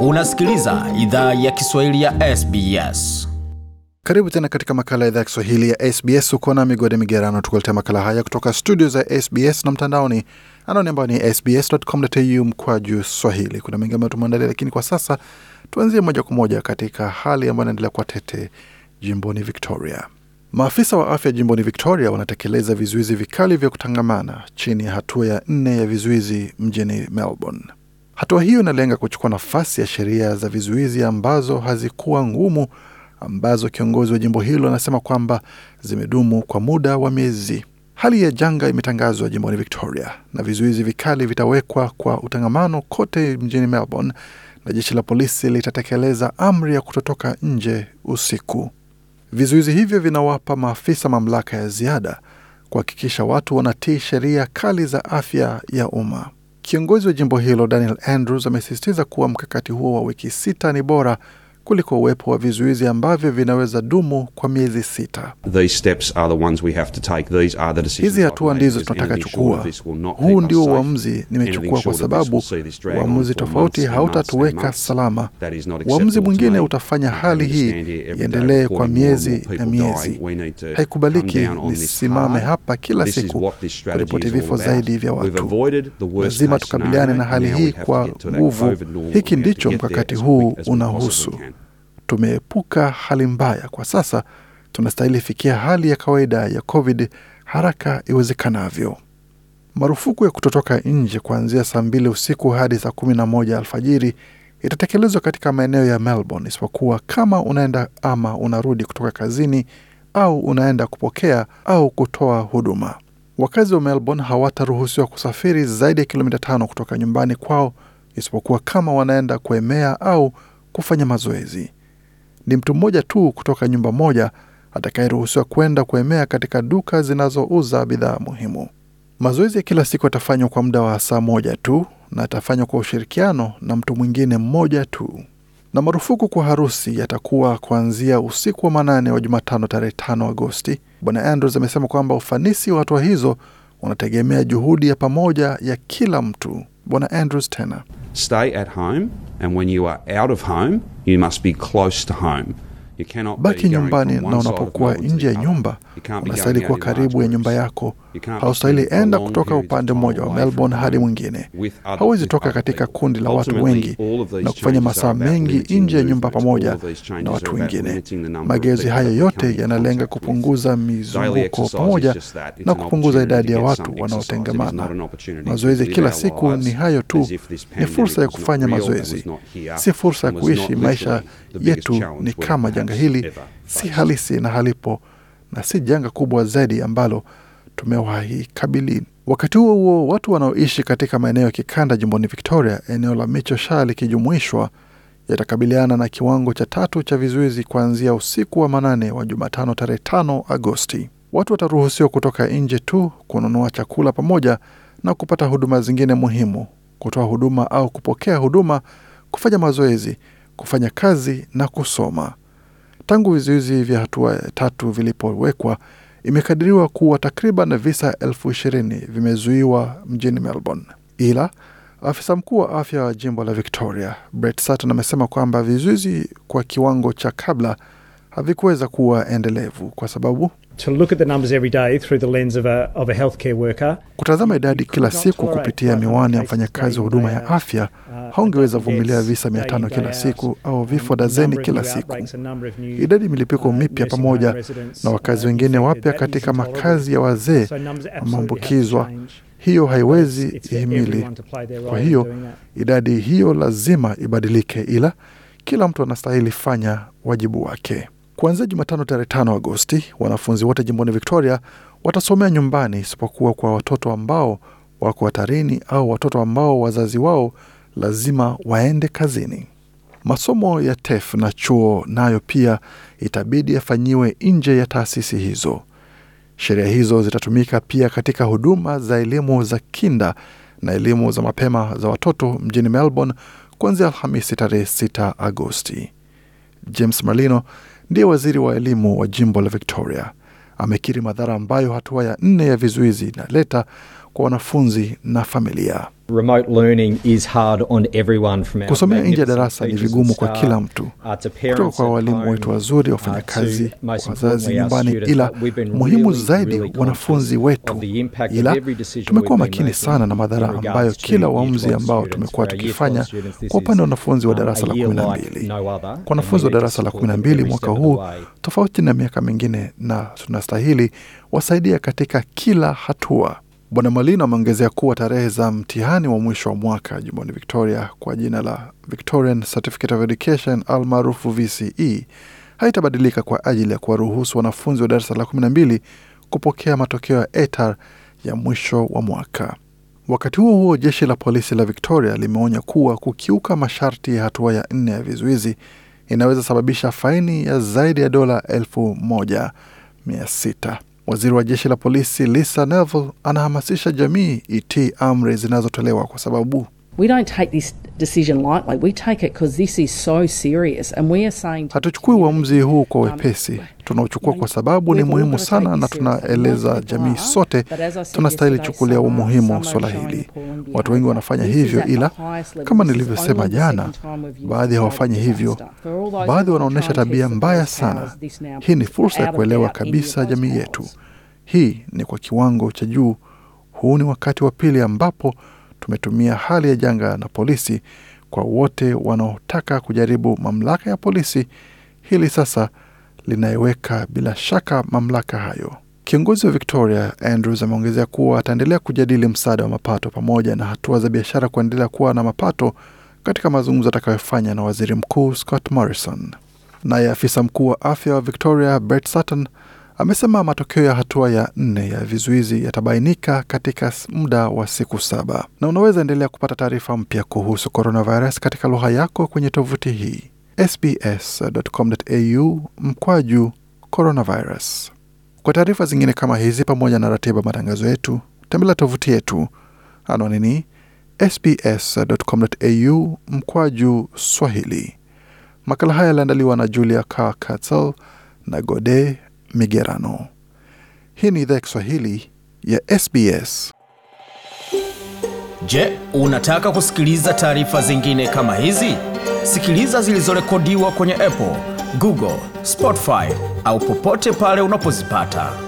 Unasikiliza idhaa ya Kiswahili ya SBS. Karibu tena katika makala ya idhaa ya Kiswahili ya SBS. Ukona migode migerano, tukuletea makala haya kutoka studio za SBS na mtandaoni, anaoni ambayo ni sbs.com.au juu swahili. Kuna mengi ambayo tumeandalia, lakini kwa sasa tuanzie moja kwa moja katika hali ambayo inaendelea kwa tete jimboni Victoria. Maafisa wa afya jimboni Victoria wanatekeleza vizuizi vikali vya kutangamana chini ya hatua ya nne ya vizuizi mjini Melbourne. Hatua hiyo inalenga kuchukua nafasi ya sheria za vizuizi ambazo hazikuwa ngumu, ambazo kiongozi wa jimbo hilo anasema kwamba zimedumu kwa muda wa miezi. Hali ya janga imetangazwa jimboni Victoria na vizuizi vikali vitawekwa kwa utangamano kote mjini Melbourne, na jeshi la polisi litatekeleza amri ya kutotoka nje usiku. Vizuizi hivyo vinawapa maafisa mamlaka ya ziada kuhakikisha watu wanatii sheria kali za afya ya umma. Kiongozi wa jimbo hilo Daniel Andrews amesisitiza kuwa mkakati huo wa wiki sita ni bora kuliko uwepo wa vizuizi ambavyo vinaweza dumu kwa miezi sita. Hizi hatua ndizo tunataka chukua. Huu ndio uamuzi nimechukua, kwa sababu uamuzi tofauti hautatuweka salama. Uamuzi mwingine utafanya hali hii iendelee kwa miezi na miezi. Haikubaliki nisimame hapa kila siku kuripoti vifo zaidi vya watu. Lazima tukabiliane na hali hii kwa nguvu. Hiki ndicho mkakati huu unahusu tumeepuka hali mbaya. Kwa sasa tunastahili fikia hali ya kawaida ya COVID haraka iwezekanavyo. Marufuku ya kutotoka nje kuanzia saa mbili usiku hadi saa kumi na moja alfajiri itatekelezwa katika maeneo ya Melbourne, isipokuwa kama unaenda ama unarudi kutoka kazini au unaenda kupokea au kutoa huduma. Wakazi wa Melbourne hawataruhusiwa kusafiri zaidi ya kilomita tano kutoka nyumbani kwao isipokuwa kama wanaenda kuemea au kufanya mazoezi ni mtu mmoja tu kutoka nyumba moja atakayeruhusiwa kwenda kuemea katika duka zinazouza bidhaa muhimu. Mazoezi ya kila siku yatafanywa kwa muda wa saa moja tu na atafanywa kwa ushirikiano na mtu mwingine mmoja tu. Na marufuku kwa harusi yatakuwa kuanzia usiku wa manane wa Jumatano tarehe 5 Agosti. Bwana Andrews amesema kwamba ufanisi wa hatua hizo unategemea juhudi ya pamoja ya kila mtu. Bwana Andrews tena Stay at home, and when you are out of home, you must be close to home. Baki nyumbani na unapokuwa nje ya nyumba unastahili kuwa karibu ya nyumba yako Haustahili enda kutoka upande mmoja wa Melbourne hadi mwingine. Hauwezi toka katika kundi la watu wengi na kufanya masaa mengi nje ya nyumba pamoja na watu wengine. Mageuzi haya yote yanalenga kupunguza mizunguko pamoja na kupunguza idadi ya watu wanaotengamana. Mazoezi kila siku ni hayo tu, ni fursa ya kufanya mazoezi, si fursa ya kuishi maisha yetu. Ni kama janga hili si halisi na halipo, na si janga kubwa zaidi ambalo tumewahi kabili. Wakati huo huo, watu wanaoishi katika maeneo ya kikanda jimboni Victoria, eneo la Micho Sha likijumuishwa, yatakabiliana na kiwango cha tatu cha vizuizi kuanzia usiku wa manane wa Jumatano tarehe 5 Agosti. Watu wataruhusiwa kutoka nje tu kununua chakula pamoja na kupata huduma zingine muhimu, kutoa huduma au kupokea huduma, kufanya mazoezi, kufanya kazi na kusoma. Tangu vizuizi vya hatua tatu vilipowekwa Imekadiriwa kuwa takriban visa elfu ishirini vimezuiwa mjini Melbourne, ila afisa mkuu wa afya wa jimbo la Victoria Brett Sutton amesema kwamba vizuizi kwa kiwango cha kabla havikuweza kuwa endelevu kwa sababu kutazama idadi kila siku kupitia miwani ya mfanyakazi wa huduma ya afya, uh, haungeweza vumilia visa mia tano kila siku au vifo dazeni kila siku. Idadi milipuko uh, mipya pamoja na wakazi wengine wapya katika makazi ya wazee wameambukizwa, hiyo haiwezi ihimili. Kwa hiyo idadi hiyo lazima ibadilike, ila kila mtu anastahili fanya wajibu wake. Kuanzia Jumatano tarehe tano Agosti, wanafunzi wote jimboni Victoria watasomea nyumbani isipokuwa kwa watoto ambao wako hatarini au watoto ambao wazazi wao lazima waende kazini. Masomo ya TEF na chuo nayo pia itabidi yafanyiwe nje ya taasisi hizo. Sheria hizo zitatumika pia katika huduma za elimu za kinda na elimu za mapema za watoto mjini Melbourne kuanzia Alhamisi tarehe 6 Agosti. James Marlino ndiye waziri wa elimu wa jimbo la Victoria, amekiri madhara ambayo hatua ya nne ya vizuizi inaleta kwa wanafunzi na familia. Kusomea nje ya darasa ni vigumu kwa kila mtu, kutoka kwa walimu wetu wazuri, wafanyakazi, wazazi nyumbani, ila muhimu zaidi wanafunzi wetu. Ila tumekuwa makini sana na madhara ambayo kila uamuzi ambao tumekuwa tukifanya kwa upande wa wanafunzi wa uh, darasa la kumi na mbili kwa wanafunzi wa darasa la kumi na mbili mwaka huu, tofauti na miaka mingine, na tunastahili wasaidia katika kila hatua. Bwana malino ameongezea kuwa tarehe za mtihani wa mwisho wa mwaka jimboni Victoria kwa jina la Victorian Certificate of Education almaarufu VCE haitabadilika kwa ajili ya kuwaruhusu wanafunzi wa darasa la 12 kupokea matokeo ya ETAR ya mwisho wa mwaka. Wakati huo huo, jeshi la polisi la Victoria limeonya kuwa kukiuka masharti ya hatua ya nne ya vizuizi inaweza sababisha faini ya zaidi ya dola elfu moja mia sita. Waziri wa jeshi la polisi Lisa Neville anahamasisha jamii itii amri zinazotolewa kwa sababu We don't take this decision lightly. We take it because this is so serious and we are saying... Hatuchukui uamuzi huu kwa um, wepesi, tunaochukua kwa sababu ni muhimu sana, na tunaeleza jamii sote tunastahili chukulia umuhimu swala hili. Watu wengi wanafanya hivyo, ila kama nilivyosema jana, baadhi hawafanyi hivyo, baadhi wanaonyesha tabia mbaya sana. Hii ni fursa ya kuelewa kabisa jamii yetu. Hii ni kwa kiwango cha juu. Huu ni wakati wa pili ambapo tumetumia hali ya janga na polisi kwa wote wanaotaka kujaribu mamlaka ya polisi. Hili sasa linaiweka bila shaka mamlaka hayo. Kiongozi wa Victoria Andrews ameongezea kuwa ataendelea kujadili msaada wa mapato pamoja na hatua za biashara kuendelea kuwa na mapato katika mazungumzo atakayofanya na waziri mkuu Scott Morrison. Naye afisa mkuu wa afya wa Victoria Bert Sutton amesema matokeo ya hatua ya nne ya vizuizi yatabainika katika muda wa siku saba, na unaweza endelea kupata taarifa mpya kuhusu coronavirus katika lugha yako kwenye tovuti hii sbs.com.au mkwaju coronavirus. Kwa taarifa zingine kama hizi pamoja na ratiba matangazo yetu, tembelea tovuti yetu anwani ni sbs.com.au mkwaju Swahili. Makala haya yaliandaliwa na Julia car Katzel na Gode migerano. Hii ni idhaa ya Kiswahili ya SBS. Je, unataka kusikiliza taarifa zingine kama hizi? Sikiliza zilizorekodiwa kwenye Apple, Google, Spotify au popote pale unapozipata.